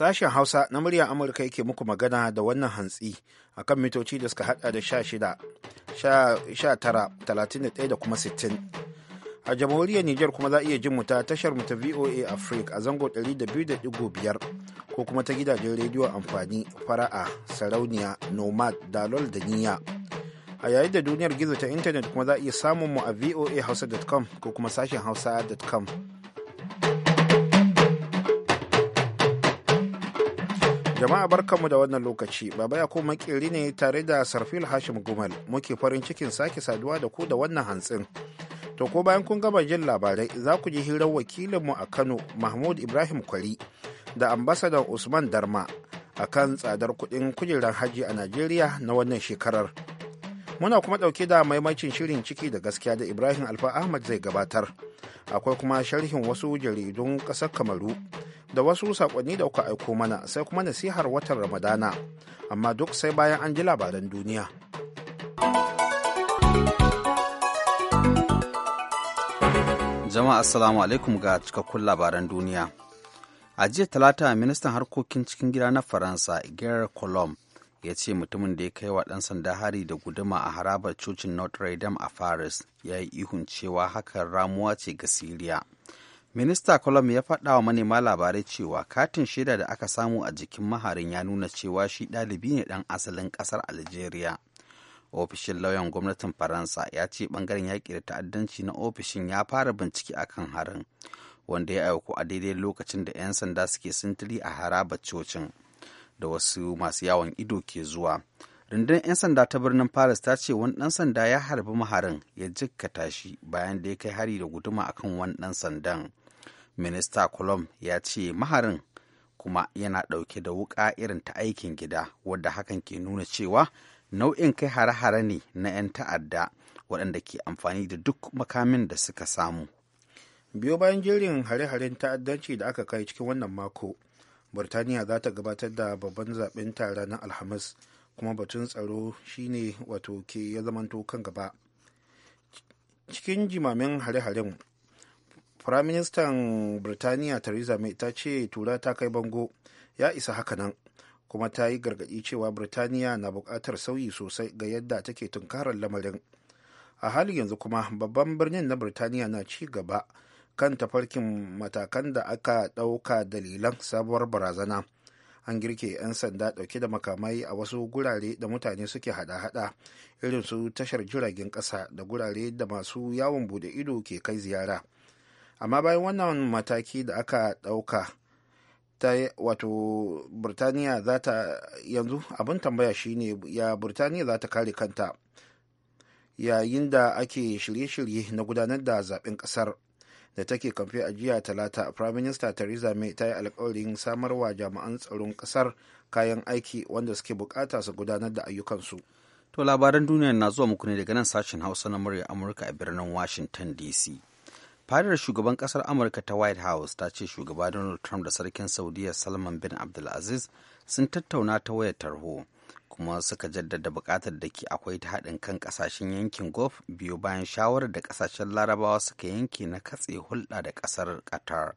Sashen Hausa na muryar Amurka yake muku magana da wannan hantsi a kan mitoci da suka hada da sha tara talatin da kuma 60. A jamhuriyar Nijar kuma za a iya jin mu ta tashar mu ta VOA Africa a zango 200.5 ko kuma ta gidajen rediyo amfani fara'a sarauniya nomad dalol da niyya. A yayin da duniyar gizo ta intanet kuma za a iya samun mu a voahausa.com ko kuma sashen hausa.com. Jama'a barkanmu da wannan lokaci, Baba ya kuma makeri ne tare da Sarfil Hashim Gumal muke farin cikin sake saduwa da ku da wannan hantsin. To ko bayan kun gama jin labarai za ku ji hirar wakilinmu a Kano Mahmud Ibrahim Kwari da ambasadan Usman Darma a kan tsadar kuɗin kujerar haji a Najeriya na wannan shekarar. Muna kuma ɗauke da maimacin shirin ciki da gaskiya da Ibrahim Alfa Ahmad zai gabatar. Akwai kuma sharhin wasu jaridun ƙasar Kamaru da wasu sakonni da kuka aiko mana sai kuma nasihar watan ramadana amma duk sai bayan an ji labaran duniya jama'a assalamu alaikum ga cikakkun labaran duniya a jiya talata ministan harkokin cikin gida na faransa gerard colomb ya ce mutumin da ya kai wa ɗan sanda hari da guduma a harabar cocin notre dame a paris ya yi ihun cewa hakan ramuwa ce ga siriya minista colum ya faɗa wa manema labarai cewa katin shaida da aka samu a jikin maharin ya nuna cewa shi ɗalibi ne ɗan asalin ƙasar algeria ofishin lauyan gwamnatin faransa ya ce ɓangaren yaƙi da ta'addanci na ofishin ya fara bincike akan harin wanda ya aiko a daidai lokacin da 'yan sanda suke sintiri a haraba cocin da wasu masu yawon ido ke zuwa rundunar 'yan sanda ta birnin paris ta ce wani ɗan sanda ya harbi maharin ya jikkata shi bayan da ya kai hari da guduma akan wani ɗan sandan minista colom ya ce maharin kuma yana ɗauke da wuƙa irin ta aikin gida wadda hakan ke nuna cewa nau'in kai hare-hare ne na 'yan ta'adda waɗanda ke amfani da duk makamin da suka samu biyo bayan jirgin hare-haren ta'addanci da aka kai cikin wannan mako burtaniya za ta gabatar da babban zaɓen ta ranar alhamis kuma batun tsaro shine wato ke ya zamanto kan gaba cikin jimamin hare-haren firaministan birtaniya theresa may ta ce tura ta kai bango ya isa haka nan kuma ta yi gargaɗi cewa birtaniya na buƙatar sauyi sosai ga yadda take tunkarar lamarin a halin yanzu kuma babban birnin na birtaniya na ci gaba kan tafarkin matakan da aka ɗauka dalilan sabuwar barazana an girke 'yan sanda ɗauke da makamai a wasu gurare da mutane suke hada-hada irin su tashar jiragen ƙasa da gurare da masu yawon bude ido ke kai ziyara. amma bayan wannan mataki da aka ɗauka ta wato burtaniya za ta yanzu abin tambaya shine ya burtaniya za ta kare kanta yayin da ake shirye-shirye na gudanar da zaben kasar da take kamfe a jiya talata prime minister theresa may ta yi alkawarin samarwa jami'an tsaron kasar kayan aiki wanda suke bukata su gudanar da ayyukansu to labaran duniya na zuwa muku ne daga nan sashen hausa na murya amurka a birnin washington dc fadar shugaban kasar amurka ta white house ta ce shugaba donald trump da sarkin saudiya salman bin abdulaziz sun tattauna ta wayar tarho kuma suka jaddada buƙatar da ke akwai ta haɗin kan ƙasashen yankin gulf biyu bayan shawarar da ƙasashen larabawa suka yanke na katse hulɗa da ƙasar qatar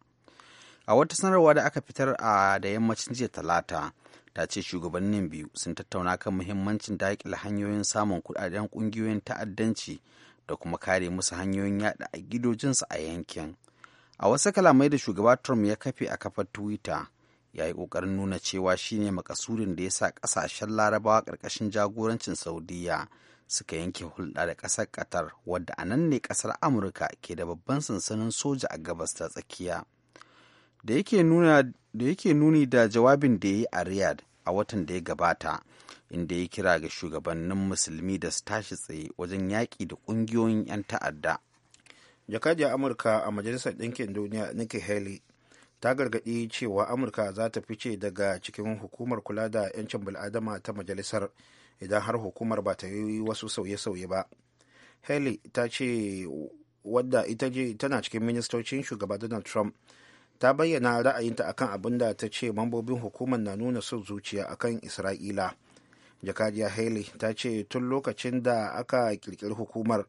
a wata sanarwa da aka fitar a da yammacin jiya talata ta ce shugabannin biyu sun tattauna kan muhimmancin daƙile hanyoyin samun kuɗaɗen ƙungiyoyin ta'addanci da kuma kare musu hanyoyin yada a gidojinsu a yankin a wasu kalamai da shugaba trump ya kafe a kafar twitter ya yi ƙoƙarin nuna cewa shine makasurin da ya sa kasashen larabawa karkashin jagorancin saudiya suka yanke hulɗa da ƙasar qatar wadda a nan ne ƙasar amurka ke da babban sansanin soja a gabas ta tsakiya da yake nuni da jawabin da ya yi a riyadh a watan da ya gabata inda ya kira ga shugabannin musulmi da su tashi tsaye wajen yaƙi da ƙungiyoyin 'yan ta'adda jakadiyar amurka a majalisar ɗinkin duniya nikki haley ta gargaɗi cewa amurka za ta fice daga cikin hukumar kula da 'yancin bil'adama ta majalisar idan har hukumar ba ta yi wasu sauye-sauye ba haley ta ce wadda ita je tana cikin ministocin shugaba donald trump ta bayyana ra'ayinta akan abin da ta ce mambobin hukumar na nuna son zuciya akan isra'ila jakadiya haley ta ce tun lokacin da aka kirkiri hukumar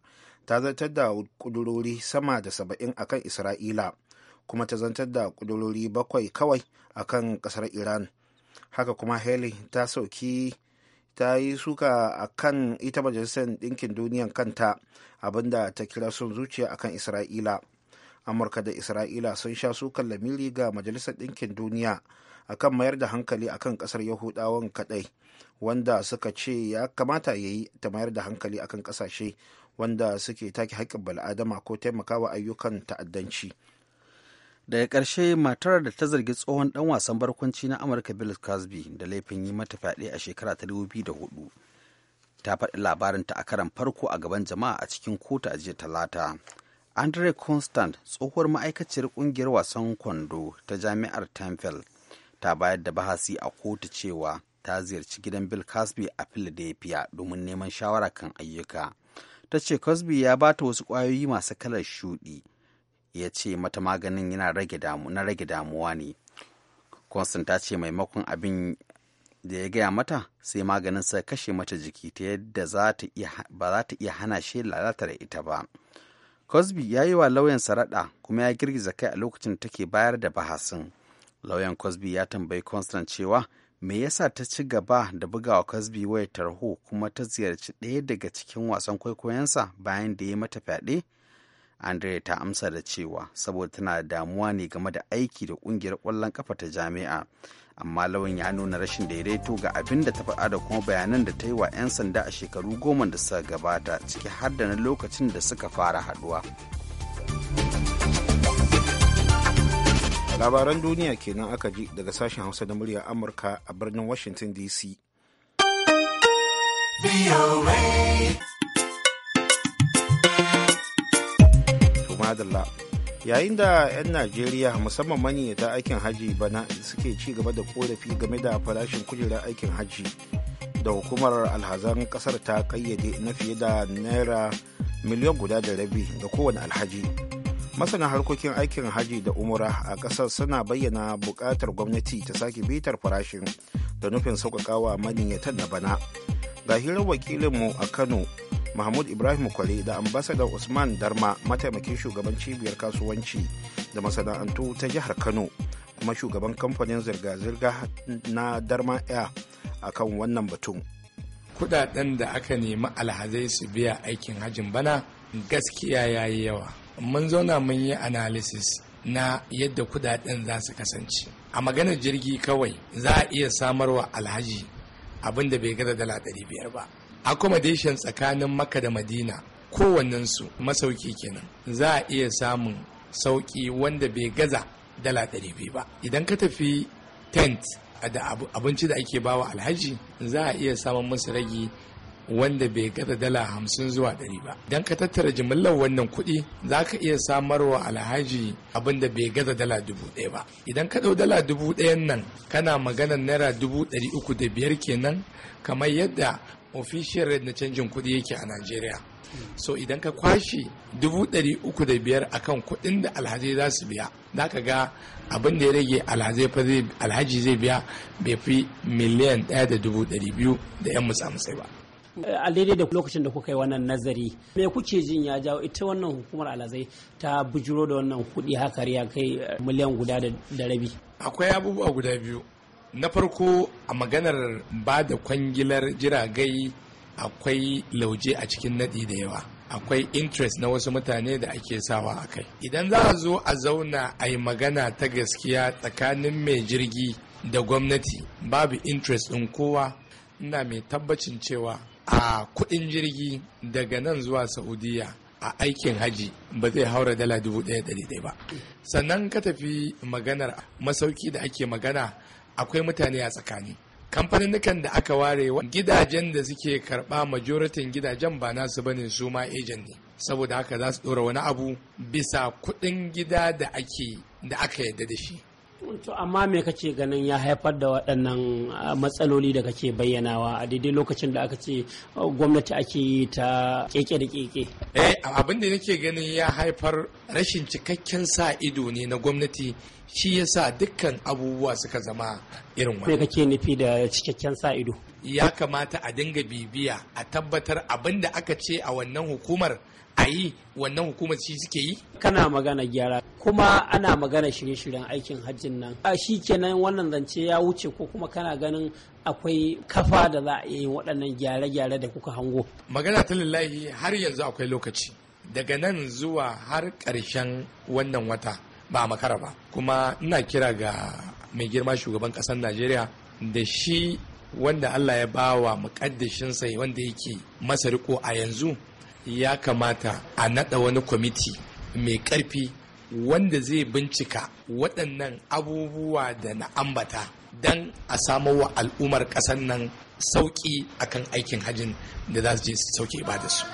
ta zartar da kudurori sama da saba'in akan isra'ila kuma ta zantar da kudurori bakwai kawai akan kasar iran haka kuma haley ta sauki ta yi suka a kan ita majalisar ɗinkin duniyan kanta abinda ta kira sun zuciya akan isra'ila amurka da isra'ila sun sha sukan lamiri ga majalisar ɗinkin duniya akan mayar da hankali akan kasar yahudawan kadai wanda suka ce ya kamata ya yi ta mayar da hankali akan kasashe wanda suke take haƙƙin bal'adama ko taimakawa ayyukan ta'addanci daga ƙarshe matar da ta zargi tsohon ɗan wasan barkwanci na amurka bill cosby da laifin yi mata fyaɗe a shekara ta hudu ta faɗi labarinta a karan farko a gaban jama'a a cikin kotu a jiya talata andre constant tsohuwar ma'aikaciyar ƙungiyar wasan kwando ta jami'ar tamfield ta bayar da bahasi a kotu cewa ta ziyarci gidan bill cosby a philadelphia domin neman shawara kan ayyuka ta ce cosby ya ba ta wasu kwayoyi masu kalar shuɗi ya ce mata maganin yana rage na rage damuwa ne constant ta ce maimakon abin da ya gaya mata sai maganin sa kashe mata jiki ta yadda ba za ta iya hana shi lalatar ita ba cosby ya yi wa lauyan raɗa kuma ya girgiza kai a lokacin take bayar da bahasin lauyan cosby ya tambayi constant cewa me yasa ta ci gaba da bugawa cosby wayar tarho kuma ta ziyarci ɗaya daga cikin wasan kwaikwayonsa bayan da ya mata fyaɗe andre ta amsa da cewa saboda tana da damuwa ne game da aiki da ƙungiyar ƙwallon kafa ta jami'a amma lawan ya nuna rashin daidaito ga abin da ta faɗa da kuma bayanan da ta yi wa 'yan sanda a shekaru goma da suka gabata ciki har da na lokacin da suka fara haɗuwa. labaran duniya kenan aka ji daga sashen hausa da murya amurka a birnin washington dc yayin da 'yan najeriya musamman maniyyata aikin hajji bana suke ci gaba da korafi game da farashin kujerar aikin hajji da hukumar alhazan kasar ta kayyade na fiye da naira miliyan guda da rabi ga kowane alhaji masana harkokin aikin haji da umura a kasar suna bayyana bukatar gwamnati ta sake bitar farashin da nufin sauƙaƙawa maniyyatan na bana ga hirar wakilinmu a kano mahmud ibrahim kwale da ambasadar usman darma mataimakin shugaban cibiyar kasuwanci da masana'antu ta jihar kano kuma shugaban kamfanin zirga-zirga na darma air a kan wannan batun kudaden da aka nemi alhazai su biya aikin hajin bana gaskiya ya yi yawa mun zauna mun yi analysis na yadda kudaden za su kasance a maganar jirgi kawai za a iya samarwa alhaji abin da bai gaza dala ɗari biyar ba accommodation tsakanin maka da madina kowannensu masauki kenan za a iya samun sauki wanda bai gaza dala ɗari biyu ba idan ka tafi tent da abinci da ake bawa alhaji za a iya samun musu ragi wanda bai gaza dala hamsin zuwa ɗari ba don ka tattara jimillar wannan kuɗi za ka iya samarwa alhaji abin da bai gaza dala dubu ɗaya ba idan ka ɗau dala dubu ɗayan nan kana maganar naira dubu ɗari uku da biyar kenan kamar yadda official rate na canjin kuɗi yake a najeriya so idan ka kwashe dubu ɗari uku da biyar akan kuɗin da alhaji za su biya za ka ga abin da ya rage alhaji zai biya bai fi miliyan ɗaya da dubu ɗari biyu da yan sai ba a daidai da lokacin da kuka yi wannan nazari me kuke jin ya jawo ita wannan hukumar alazai ta bujuro da wannan kuɗi haka ya kai eh, miliyan guda da rabi akwai abubuwa guda biyu na farko a maganar ba da kwangilar jiragai akwai lauje a cikin nadi da yawa akwai interest na wasu mutane da ake sawa a kai idan za a zo a zauna a yi magana ta gaskiya tsakanin mai jirgi da gwamnati babu interest ɗin kowa ina mai tabbacin cewa a kudin jirgi daga nan zuwa saudiya a aikin haji ba zai haura dala dubu ɗaya dari ɗaya ba sannan ka tafi maganar masauki da ake magana akwai mutane a tsakani kamfanin da aka ware gidajen da suke karɓa majoritin gidajen ba nasu bane su ma ejen ne saboda haka za su ɗora wani abu bisa kuɗin gida da ake da aka yarda da shi to amma me kake ganin ya haifar da waɗannan ah, matsaloli da kake bayyanawa a daidai lokacin da aka ce oh, gwamnati ake yi ta keke da keke eh abin da nake ganin ya haifar rashin cikakken sa ido ne na gwamnati shi yasa dukkan abubuwa suka zama irin wani. Me kake nufi da cikakken sa ido? Ya kamata a dinga bibiya a tabbatar abin da aka ce a wannan hukumar ayi yi wannan hukumar shi suke yi? Kana magana gyara kuma ana magana shirye-shiryen aikin hajjin nan a shi kenan wannan zance ya wuce ko kuma kana ganin akwai kafa da za a yi waɗannan gyare-gyare da kuka hango magana ta lillahi har yanzu akwai lokaci daga nan zuwa har ƙarshen wannan wata ba makara ba kuma ina kira ga mai girma shugaban ƙasar najeriya da shi wanda allah ya bawa muƙaddashinsa wanda yake masa riko a yanzu ya kamata a naɗa wani kwamiti mai ƙarfi wanda zai bincika waɗannan abubuwa da na ambata don a samo wa al'ummar ƙasar nan sauƙi a kan aikin hajjin da za su je su sauke da su.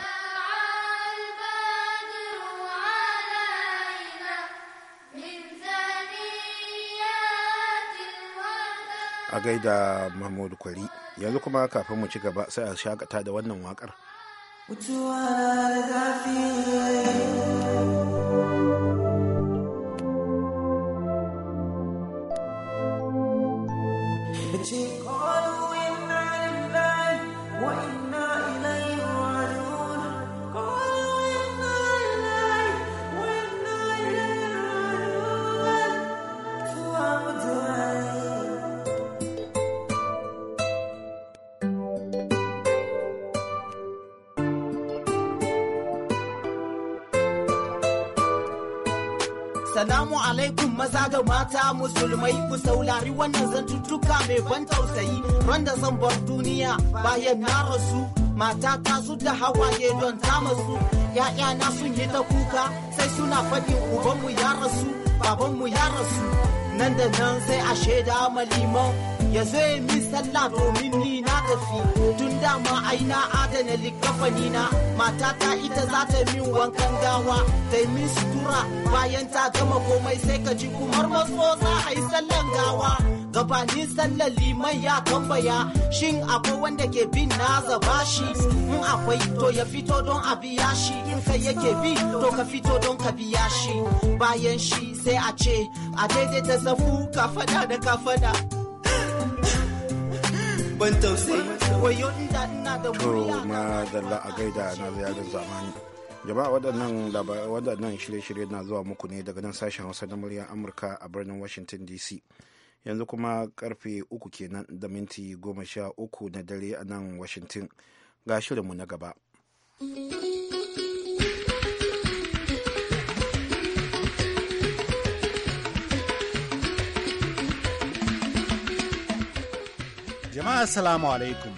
a gaida mahmudu kwari yanzu kuma kafin mu ci gaba sai a shakata da wannan wakar. Mutuwa zafi Salamu alaikum maza da mata musulmai ku saulari wannan zantuttuka mai ban tausayi randa zan bar duniya bayan na rasu mata ta su da hawaye don ta masu ya'ya na sun yi ta kuka sai suna faɗin ubanmu ya rasu babanmu ya rasu nan da nan sai a shaida maliman ya zo yi min sallah domin ni kofi tun dama aina adana likafani na matata ita za ta min wankan gawa ta min sutura bayan ta gama komai sai ka ji kumar maso za a yi sallan gawa gabanin sallar liman ya tambaya shin akwai wanda ke bin na zaba shi in akwai to ya fito don a biya shi in kai yake bi to ka fito don ka biya shi bayan shi sai a ce a daidaita zafu ka da ka ban tausayi ina da to ma a gaida na ziyarar zamani jama'a waɗannan waɗannan shirye-shirye na zuwa muku ne daga nan sashen hausa na muryar amurka a birnin washington dc yanzu kuma karfe uku kenan da minti goma sha uku na dare a nan washington ga shirinmu na gaba. Jama'a salamu alaikum.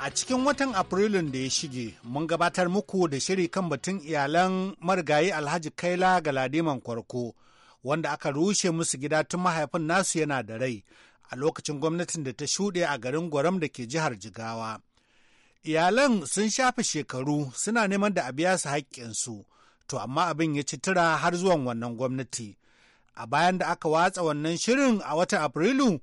A cikin watan Afrilun da ya shige, mun gabatar muku da shiri kan batun iyalan marigayi Alhaji Kaila ga Galadiman Kwarko, wanda aka rushe musu gida tun mahaifin nasu yana da rai a lokacin gwamnatin da ta shuɗe a garin Gwaram da ke jihar Jigawa. Iyalan sun shafe shekaru suna neman da a biya su haƙƙinsu, to amma abin ya ci tura har zuwan wannan gwamnati. A bayan da aka watsa wannan shirin a watan Afrilu,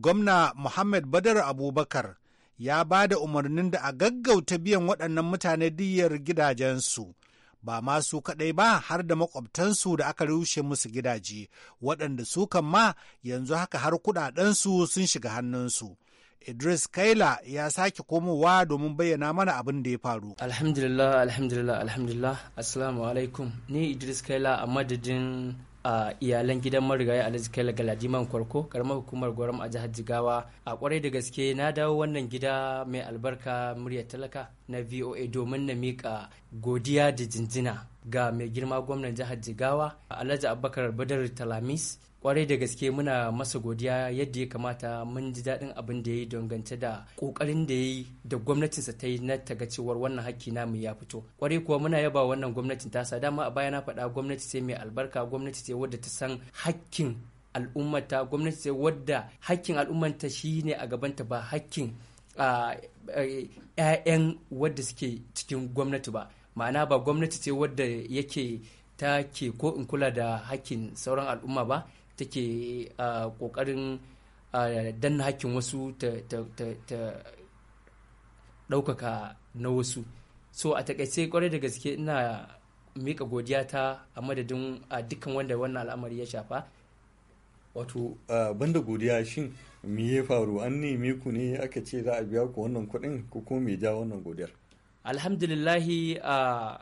gwamna Muhammad Badar Abubakar ya ba da umarnin da a gaggauta biyan waɗannan mutane diyar gidajensu. Ba masu kaɗai ba har da makwabtansu da aka rushe musu gidaje, waɗanda su kan ma yanzu haka har kuɗaɗensu sun shiga hannunsu. Idris Kaila ya sake komowa domin bayyana mana abin da ya faru. Alhamdulillah, alhamdulillah, alhamdulillah, Assalamu alaikum. Ni Idris Kaila a madadin a iyalan gidan marigayi alhaji kaila galadiman kwarko karamar hukumar gwaram a jihar jigawa a kwarai da gaske na dawo wannan gida mai albarka muryar talaka na voa domin na mika godiya da jinjina ga mai girma gwamnan jihar jigawa a alhaji abubakar badar talamis kwarai da gaske muna masa godiya yadda ya kamata mun ji daɗin abin da ya yi dangance da ƙoƙarin da ya yi da gwamnatinsa ta yi na taga cewar wannan hakki namu ya fito kwarai kuwa muna yaba wannan gwamnatin tasa dama a baya na faɗa gwamnati ce mai albarka gwamnati ce wadda ta san hakkin al'ummata gwamnati ce wadda hakkin al'ummanta shine a gabanta ba hakkin 'ya'yan wadda suke cikin gwamnati ba ma'ana ba gwamnati ce wadda yake ta ke ko in kula da hakkin sauran al'umma ba ta ke kokarin danna hakkin wasu ta ɗaukaka na wasu so a takaice kwarai da gaske ina mika godiya ta a madadin dukkan wanda wannan al'amari ya shafa wato banda godiya shin mi ya faru an nemi ku ne aka ce za a biya ku wannan kuɗin ko kuma me ja wannan godiyar alhamdulillahi a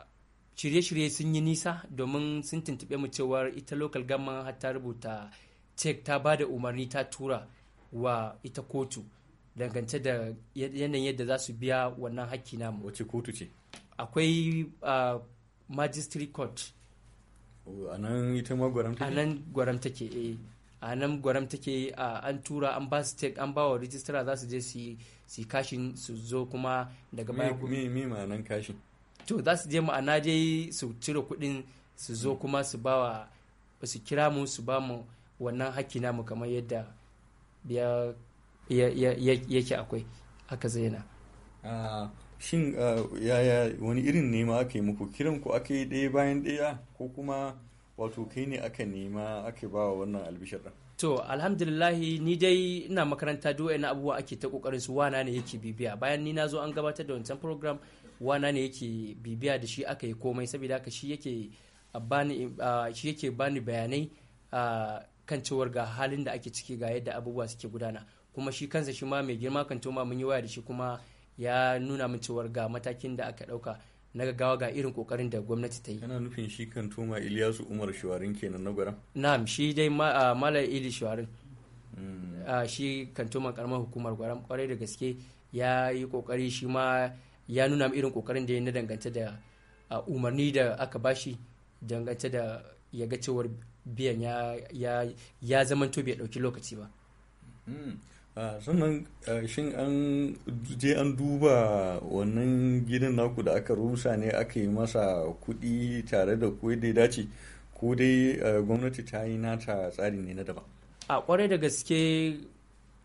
shirye-shirye sun yi nisa domin sun tuntube mu cewar ita local government har ta rubuta cek ta ba da umarni ta tura wa ita kotu dangance da yanayin yadda za su biya wannan hakki mu. wace kotu ce akwai magistrate court a nan ita ma gwaram take a nan gwaram take eh a nan gwaram take an tura an ba su an ba wa rijistara za su je su kashin su zo kuma daga baya mi mi ma'anan kashin to za su je ma'ana dai su cire kuɗin su zo hmm. kuma su ba wa su kira mu su ba mu wannan haƙƙi namu kamar yadda yake akwai aka zaina shin yaya wani irin nema aka yi muku kiran ku aka yi ɗaya bayan ɗaya ko kuma wato kai ne aka nema ake ba wa wannan albishir din to alhamdulillahi ni dai ina makaranta duk na abubuwa ake ta kokarin su wana ne yake bibiya bayan ni na zo an gabatar da wancan program wana ne yake bibiya da shi aka yi komai saboda haka shi yake bani shi yake bani bayanai kan cewar ga halin da ake ciki ga yadda abubuwa suke gudana kuma shi kansa shi ma mai girma kan toma mun yi waya da shi kuma ya nuna min cewar ga matakin da aka dauka na gaggawa ga irin kokarin da gwamnati ta yi kana nufin shi kan tuma Iliyasu Umar Shawarin kenan na gwara na'am shi dai ah, Malam Ili Shawarin hmm. ah, shi kan tuma karamar hukumar gwaram kwarai da gaske ya yi kokari shi ma ya nuna irin kokarin da ya na dangance da ah, umarni da aka bashi dangance da ya ga cewar biyan ya zamanto bai dauki lokaci ba hmm. Ah, sannan ah, shin an je an duba wannan gidan naku da aka rusa ne aka yi masa kuɗi tare da ku da dace ko dai ah, gwamnati ta yi nata tsari ne na daban a kwarai da gaske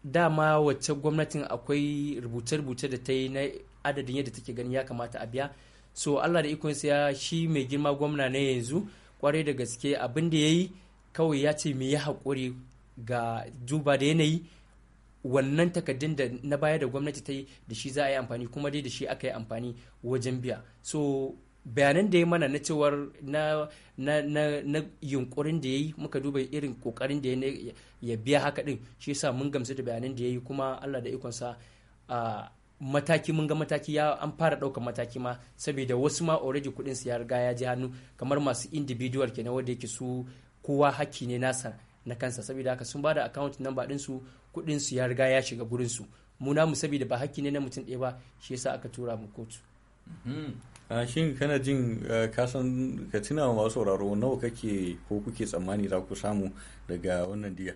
dama wacce gwamnatin akwai rubuce-rubuce da ta yi na adadin yadda take gani ya kamata a biya so allah da ikon ya shi mai girma gwamna na yanzu kwarai da gaske abin da ya yi kawai ya ce me ya haƙuri ga duba da yanayi wannan takaddun da na baya da gwamnati ta yi da shi za a yi amfani kuma dai da shi aka yi amfani wajen biya so bayanan da ya mana na cewar na, yunkurin da ya yi muka duba irin kokarin da ya biya haka din shi yasa mun gamsu da bayanan da ya yi kuma allah da ikonsa a mataki mun ga mataki ya an fara ɗaukar mataki ma saboda wasu ma already kuɗin su ya riga ya ji hannu kamar masu individual kenan wanda yake su kowa hakki ne nasa na kansa saboda haka sun bada account number din su kudin su ya riga ya shiga gurin su mu namu saboda ba hakki ne na mutum ɗaya ba shi yasa aka tura mu kotu mm-hmm. a shin kana jin ka san ka tuna wa wasu sauraro nawa kake ko kuke tsammani za ku samu daga wannan diya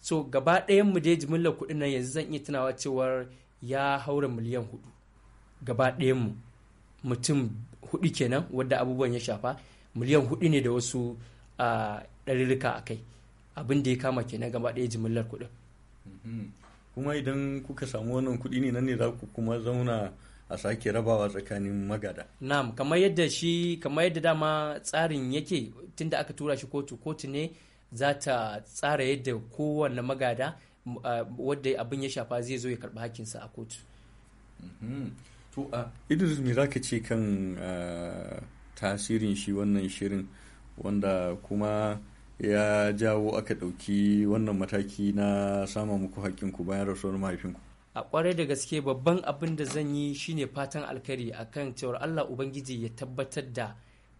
so gaba ɗayan mu dai jimillar kuɗin nan yanzu zan iya tunawa cewar ya haura miliyan hudu gaba ɗayan mu mutum hudu kenan wadda abubuwan ya shafa miliyan hudu ne da wasu ɗarirrika a kai abin da ya kama kenan gaba ɗaya jimillar kuɗin mhm. kuma idan kuka samu wannan kuɗi ne nan ne za ku kuma zauna a sake rabawa tsakanin magada na'am kamar yadda shi kamar yadda dama tsarin yake tunda aka tura shi kotu kotu ne za ta tsara yadda kowanne magada wadda abin ya shafa zai zo ya karɓi hakinsa a kotu mhm. to a idris me za ka ce kan tasirin shi wannan shirin wanda kuma ya jawo aka ɗauki wannan mataki na sama muku haƙƙinku bayan rasuwar mahaifinku a kwarai da gaske babban abin da zan yi shine fatan alkari akan cewar Allah ubangiji ya tabbatar da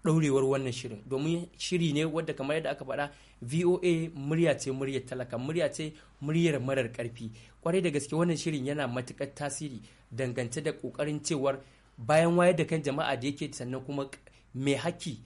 ɗaurewar wannan shirin domin shiri ne wadda kamar yadda aka faɗa voa murya ce muryar talaka murya ce muryar marar ƙarfi kwarai da gaske wannan shirin yana matuƙar tasiri dangance da ƙoƙarin cewar bayan wayar da kan jama'a da yake sannan kuma mai haki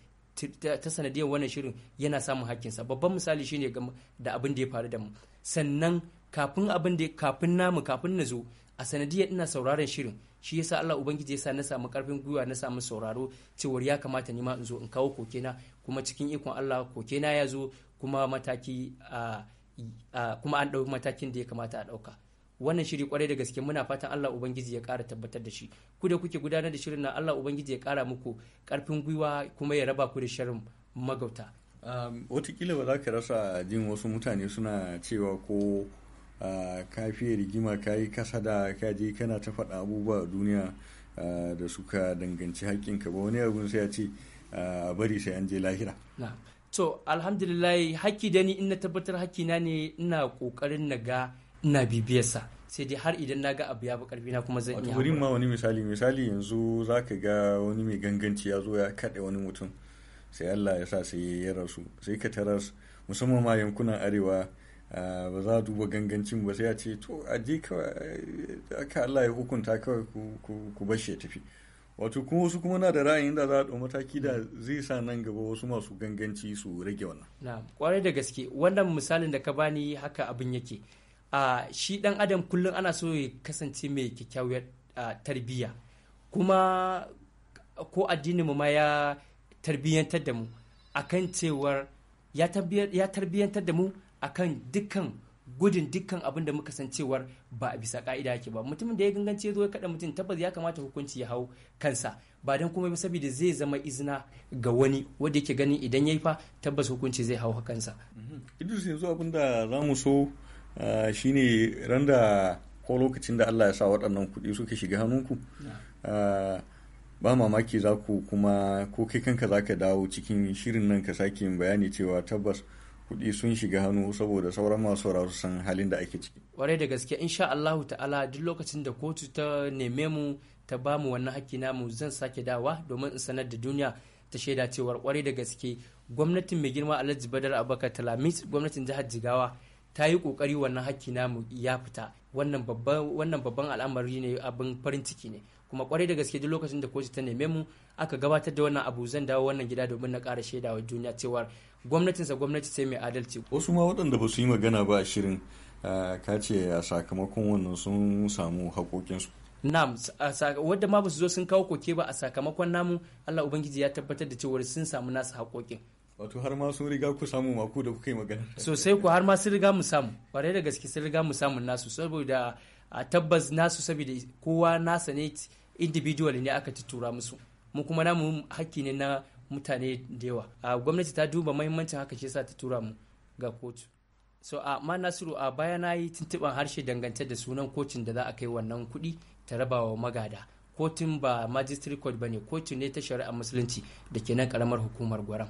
ta sanadiyar wannan shirin yana samun hakkinsa babban misali shine da abin da ya faru da mu sannan kafin abin da kafin namu kafin na zo a sanadiyar ina sauraron shirin shi yasa Allah ubangiji yasa na samu karfin gwiwa na samu sauraro cewar ya kamata ni ma in zo in kawo kokena kuma cikin ikon Allah kokena ya zo kuma mataki a kuma an ɗauki matakin da ya kamata a ɗauka wannan shiri kwarai da gaske muna fatan Allah ubangiji ya kara tabbatar da shi ku da kuke gudanar da shirin na Allah ubangiji ya kara muku karfin gwiwa kuma ya raba ku da shirin magauta um, watakila ba za ka rasa jin wasu mutane suna cewa ko uh, ka fiye rigima ka yi kasa da ka je kana ta faɗa abubuwa a duniya uh, da suka danganci haƙƙinka ba wani abun sai ya ce uh, a bari sai an je lahira to alhamdulillah haƙƙi da ni in na tabbatar haƙƙina ne ina ƙoƙarin na ga ina bibiyarsa sai dai har idan na ga abu ya bi karfi na kuma zan iya wurin ma wani misali misali yanzu za ka ga wani mai ganganci ya zo ya kaɗe wani mutum sai Allah ya sa sai ya rasu sai ka taras musamman ma yankunan arewa ba za a duba gangancin ba sai a ce to a je ka Allah ya hukunta kawai ku bashi ya tafi wato kuma wasu kuma na da ra'ayin da za a ɗau mataki da zai sa nan gaba wasu masu ganganci su rage wannan. na kwarai da gaske wannan misalin da ka bani haka abin yake shi dan adam kullum ana so ya kasance mai kyakkyawar tarbiyya kuma ko addinin mu ma ya tarbiyyantar da mu akan cewar ya tarbiyyantar da mu akan dukkan gudun dukkan abin da muka san cewar ba a bisa ka'ida yake ba mutumin da ya gangance zo ya kada mutum tabbas ya kamata hukunci ya hau kansa ba dan kuma saboda zai zama izina ga wani wanda yake gani idan ya yi fa tabbas hukunci zai hau kansa mhm. Idris yanzu abin da zamu so Ah, shine ran da ko lokacin da Allah ya sa waɗannan kuɗi suka shiga hannunku ah, ba mamaki za ku kuma ko kai kanka za ka dawo cikin shirin nan ka sake bayani cewa tabbas kuɗi sun shiga hannu saboda sauran masu sauraro san halin da ake ciki. Kwarai da gaske insha Allahu ta'ala duk lokacin da kotu ta neme mu ta ba mu wannan haƙƙi mu zan sake dawa domin in sanar da duniya ta shaida cewar kwarai da gaske gwamnatin mai girma Alhaji Badar Abubakar Talamis gwamnatin jihar Jigawa ta yi kokari wannan hakki mu ya fita wannan babban wannan babban al'amari ne abin farin ciki ne kuma kwarai da gaske duk lokacin da kotu ta neme mu aka gabatar da wannan abu zan dawo wannan gida domin na ƙara shaida wa duniya cewar gwamnatinsa gwamnati sai mai adalci wasu ma waɗanda ba su yi magana ba a shirin ka ce a sakamakon wannan sun samu haƙoƙinsu Nam, wadda ma ba su zo sun kawo koke ba a sakamakon namu Allah Ubangiji ya tabbatar da cewar sun samu nasu haƙoƙin. wato har ma sun riga ku samu maku da kuka yi magana sosai ku har ma sun riga mu samu kwarai da gaske sun riga mu samu nasu saboda a tabbas nasu saboda kowa nasa ne individual ne aka tura musu mu kuma namu hakki ne na mutane da yawa a gwamnati ta duba mahimmancin haka shi yasa ta tura mu ga kotu so a ma nasiru a baya na yi tuntuɓar harshe dangance da sunan kotun da za a kai wannan kuɗi ta rabawa magada kotun ba magistrate court ba ne kotun ne ta shari'a musulunci da ke nan karamar hukumar gwaram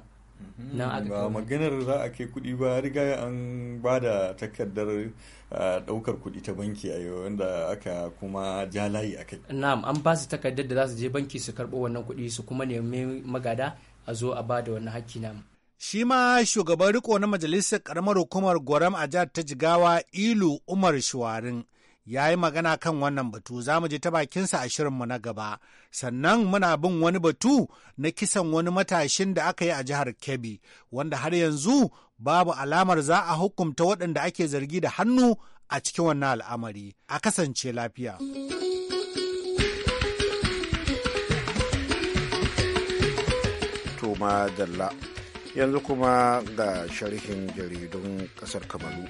Mhm. ba maganar za a kai kuɗi ba riga an ba da takardar ɗaukar kuɗi ta banki a yau wanda aka kuma ja layi a kai na'am an ba su takardar da za su je banki su karɓo wannan kuɗi su kuma nemi magada a zo a ba da wannan hakki na Shi ma shugaban riko na majalisar karamar hukumar Gwaram a jihar ta Jigawa Ilu Umar Shuwarin ya yi magana kan wannan batu za mu je ta bakinsa a mu na gaba sannan muna bin wani batu na kisan wani matashin da aka yi a jihar kebbi wanda har yanzu babu alamar za a hukumta waɗanda ake zargi da hannu a cikin wannan al'amari a kasance lafiya. yanzu kuma ga sharhin jaridun ƙasar Kamaru.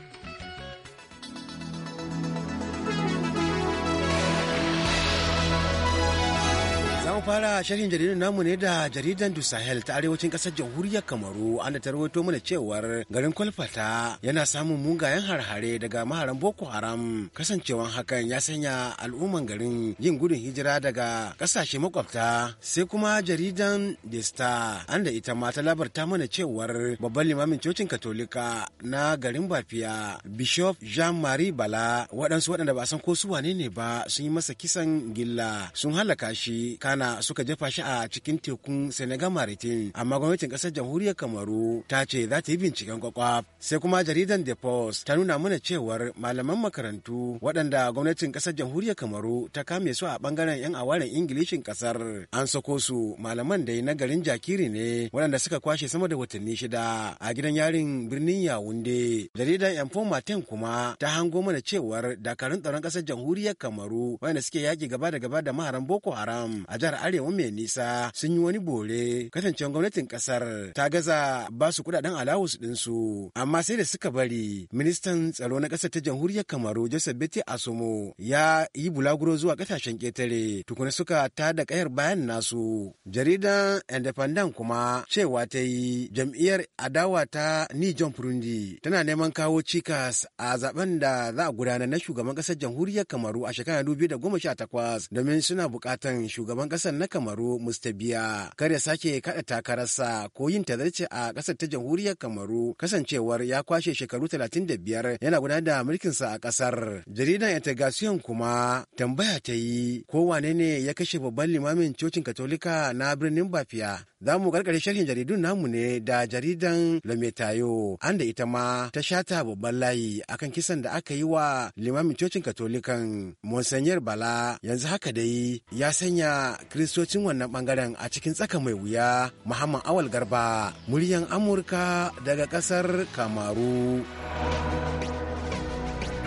mu fara shirin jaridar namu ne da jaridan Du Sahel ta arewacin kasar jamhuriyar Kamaru an da tarwato mana cewar garin Kwalfata yana samun mugayen harhare daga maharan Boko Haram kasancewan hakan ya sanya al'umman garin yin gudun hijira daga kasashe makwabta sai kuma jaridan The Star an da ita ma ta labarta mana cewar babban limamin cocin Katolika na garin Bafiya Bishop Jean-Marie Bala waɗansu waɗanda ba san ko su wane ne ba sun yi masa kisan gilla sun halaka shi kana suka jefa shi a cikin tekun Senegal Maritime amma gwamnatin kasar jamhuriyar Kamaru ta ce za ta yi binciken kwakwa sai kuma jaridan The Post ta nuna mana cewar malaman makarantu waɗanda gwamnatin ƙasar jamhuriyar Kamaru ta kame su a bangaren 'yan awarin Ingilishin ƙasar an sako su malaman dai na garin Jakiri ne waɗanda suka kwashe sama da watanni shida a gidan yarin birnin Yawunde jaridan yan fomaten kuma ta hango mana cewar dakarun tsaron ƙasar jamhuriyar Kamaru waɗanda suke yaƙi gaba da gaba da maharan Boko Haram a jihar arewa mai nisa sun yi wani bore kasancewar gwamnatin kasar ta gaza ba su kudaden alawus su. amma sai da suka bari ministan tsaro na ƙasar ta jamhuriyar kamaru joseph bete asomo ya yi bulaguro zuwa ƙasashen ketare tukuna suka ta da kayar bayan nasu jaridan independent kuma cewa ta yi jam'iyyar adawa ta nijon furundi tana neman kawo cikas a zaben da za a gudanar na shugaban ƙasar jamhuriyar kamaru a shekarar 2018 domin suna bukatan shugaban ƙasar ƙasar na Kamaru biya kar ya sake kaɗa takararsa ko yin tazarci a kasar ta jamhuriyar Kamaru kasancewar ya kwashe shekaru 35 yana gudanar da mulkinsa a ƙasar. Jaridar Integration kuma tambaya ta yi ko wane ne ya kashe babban limamin cocin Katolika na birnin Bafiya Za mu karkare sharhin jaridun namu ne da jaridan Lametayo, an da ita ma ta shata babban layi akan kisan da aka yi wa limamin cocin katolikan Monsanyar Bala yanzu haka dai ya sanya kiristocin wannan bangaren a cikin tsaka mai wuya Muhammad Awal Garba, muryan Amurka daga kasar Kamaru.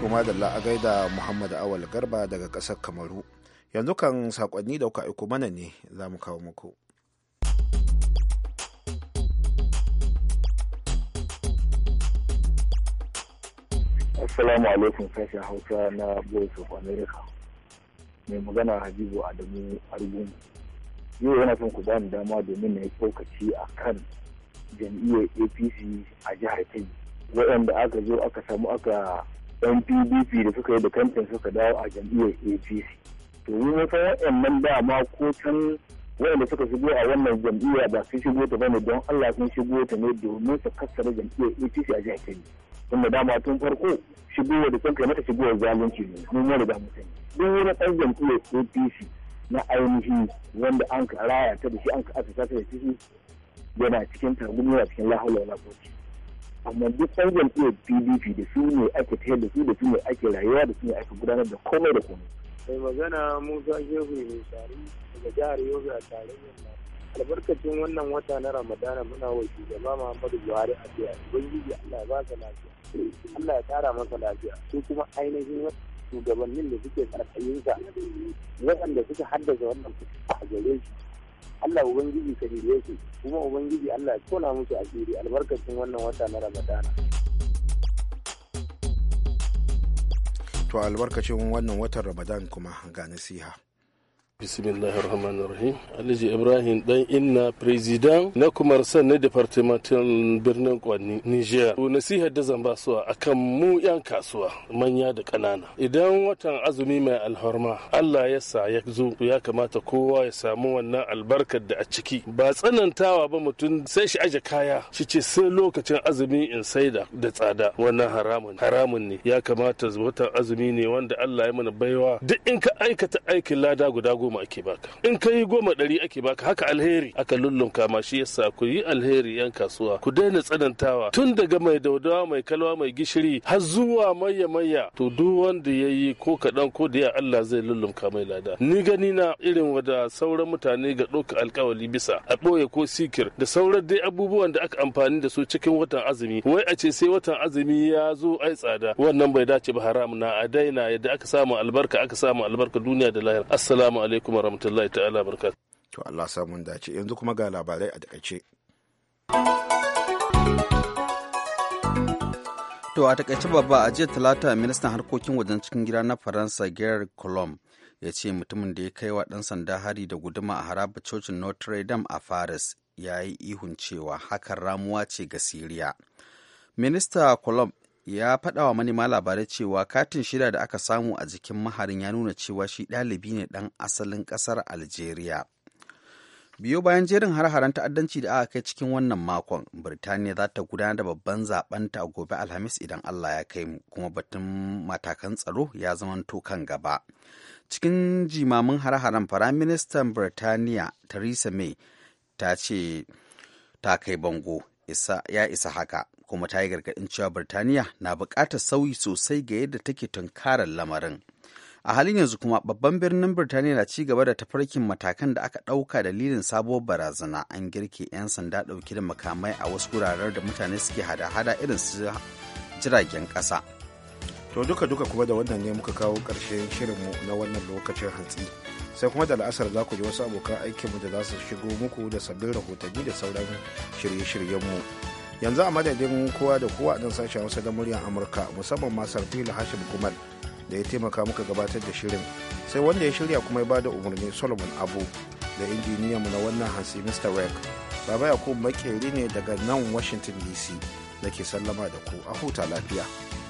Muhammad Awal Garba daga kasar Kamaru. Yanzu kan sakonni da kuka aiko mana ne za mu kawo muku. Assalamu alaikum sashen Hausa na boys of America. Mai magana Habibu Adamu Argun. Yau yana son ku bani dama domin na yi tsokaci a kan jam'iyyar APC a jihar Kebbi. Waɗanda aka zo aka samu aka NPDP da suka yi da kamfen suka dawo a jam'iyyar APC. To mun san waɗannan dama ko can waɗanda suka shigo a wannan jam'iyya ba su shigo ta bane don Allah sun shigo ta ne domin su kassara jam'iyyar APC a jihar Kebbi. da dama tun farko shigowa da kanka mata shigowar zalunci ne mun mora da mutum duk wani ɗan jam'iyyar apc na ainihi wanda an ka raya ta da shi an ka asasa ta da ciki yana cikin tarbiyya a cikin lahaula na koci amma duk ɗan jam'iyyar pdp da su ne ake tayar da su da su ne ake rayuwa da su ne ake gudanar da komai da komai. mai magana musa shehu ne daga jihar yobe a tarayyar albarkacin wannan wata na ramadana muna wa shugaba muhammadu buhari a biya ubangiji allah ya ba lafiya allah ya kara masa lafiya su kuma ainihin shugabannin da suke karkayinsa waɗanda suka haddasa wannan a gare shi allah ubangiji ka hire su kuma ubangiji allah ya tona musu asiri albarkacin wannan wata na ramadana to albarkacin wannan watan ramadan kuma ga nasiha bismillahi rahim alhaji ibrahim dan inna president na kumarsan na departmental birnin kwanni niger to nasihar da zan ba su akan mu yan kasuwa manya da kanana idan watan azumi mai alhorma allah ya sa ya zo ya kamata kowa ya samu wannan albarkar da a ciki ba tsanantawa ba mutum sai shi aje kaya shi ce sai lokacin azumi in saida da tsada wannan haramun haramun ne ya kamata watan azumi ne wanda allah ya mana baiwa duk in ka aikata aikin lada guda goma goma ake baka in ka yi goma ɗari ake baka haka alheri aka lullunka ma shi yasa ku yi alheri yan kasuwa ku daina tsanantawa tun daga mai daudawa mai kalwa mai gishiri har zuwa maya maya to duk wanda ya yi ko kaɗan ko da ya Allah zai lullunka mai lada ni gani na irin wada sauran mutane ga ɗauka alkawali bisa a ɓoye ko sikir da sauran dai abubuwan da aka amfani da su cikin watan azumi wai a ce sai watan azumi ya zo ai tsada wannan bai dace ba haram na a daina yadda aka samu albarka aka samu albarka duniya da lahira assalamu alaikum warahmatullahi ta'ala barkat. to Allah samun dace yanzu kuma ga labarai a takaice To a takaice babba a jiya talata ministan harkokin wajen cikin gida na Faransa Gerard Colom ya ce mutumin da ya kai wa ɗan sanda hari da guduma a haraba cocin Notre Dame a Paris ya yi ihun cewa hakan ramuwa ce ga Siriya. Minista Colomb ya faɗa wa manema labarai cewa katin shida da aka samu a jikin maharin ya nuna cewa shi ɗalibi ne ɗan asalin ƙasar algeria biyo bayan jerin har-haren ta'addanci da aka kai cikin wannan makon birtaniya za ta gudanar da babban zaɓenta a gobe alhamis idan allah ya kai mu kuma batun matakan tsaro ya zamanto kan gaba cikin jimamin har-haren firaministan birtaniya theresa may ta ce ta kai bango ya isa haka kuma ta yi gargaɗin cewa birtaniya na buƙatar sauyi sosai ga yadda take tunkarar lamarin a halin yanzu kuma babban birnin birtaniya na ci gaba da tafarkin matakan da aka ɗauka dalilin sabuwar barazana an girke 'yan sanda ɗauki da makamai a wasu wuraren da mutane suke hada-hada irin su jiragen ƙasa to duka-duka kuma da wannan ne muka kawo ƙarshen shirinmu na wannan lokacin hatsi sai kuma da la'asar za ku ji wasu abokan aikinmu da za su shigo muku da sabbin rahotanni da sauran shirye-shiryenmu yanzu a madadin kowa da kowa don sashen hausa da muryar amurka musamman masar fila hashim gumal da ya taimaka muka gabatar da shirin sai wanda ya shirya kuma ya ba da umarni solomon abu da mu na wannan hansi mr wek baba yakubu makeri ne daga nan washington dc da ke sallama da ku a huta lafiya